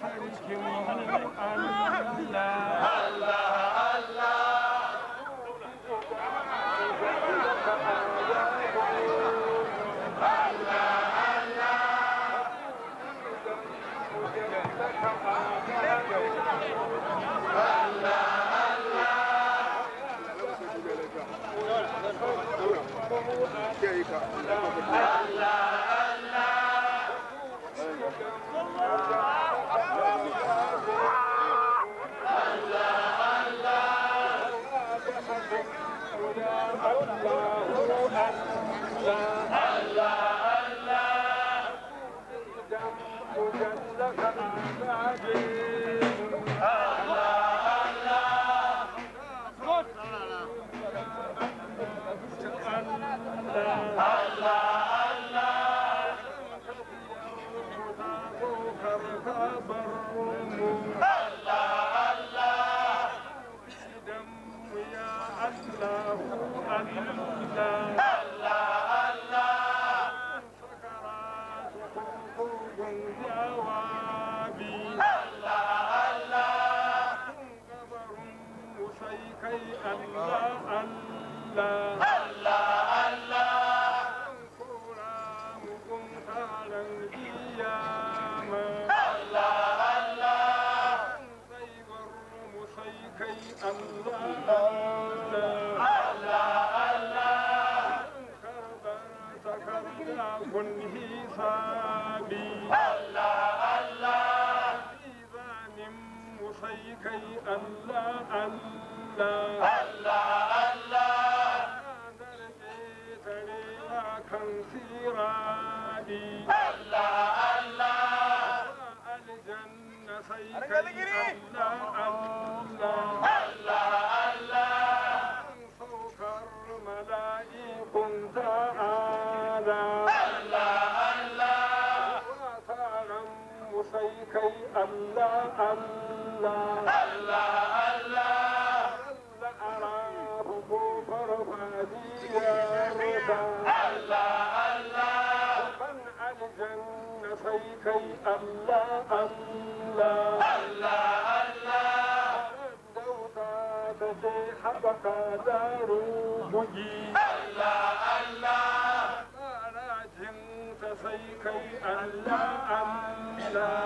Sarki mu Allah Allah la, la, la. Bamboo Radio. Allah Allah, Allah, Allah Allah Allah, mu Allah, Allah, Allah Allah Allah Allah Allah, Allah, Allah, Allah Allah aljanna Allah, Allah, Allah Allah Allah Allah Allah, Allah, Allah, الله الله الله الله أراه الله فادي الله الله من الله فيكي الله الله الله الله حبك الله بجي الله الله أنا الله فيكي الله الله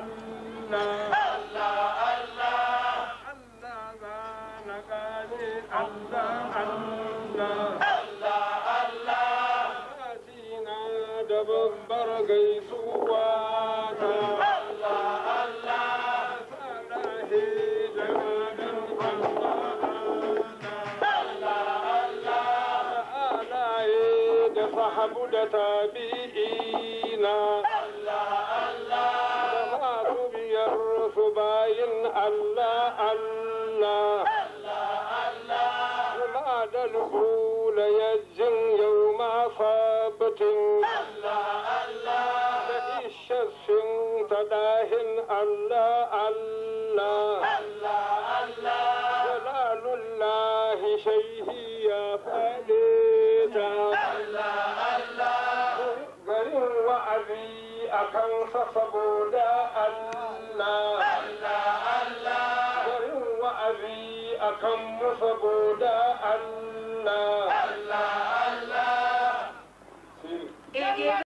الله الله الله الله الله وبعد الأولى يزن يوم عصابة الله الله لئي الله تداهن الله الله الله الله جلال الله شيه يا فاليتا الله الله الله وعزي أكن صبودا الله akan masa goda Allah Allah Allah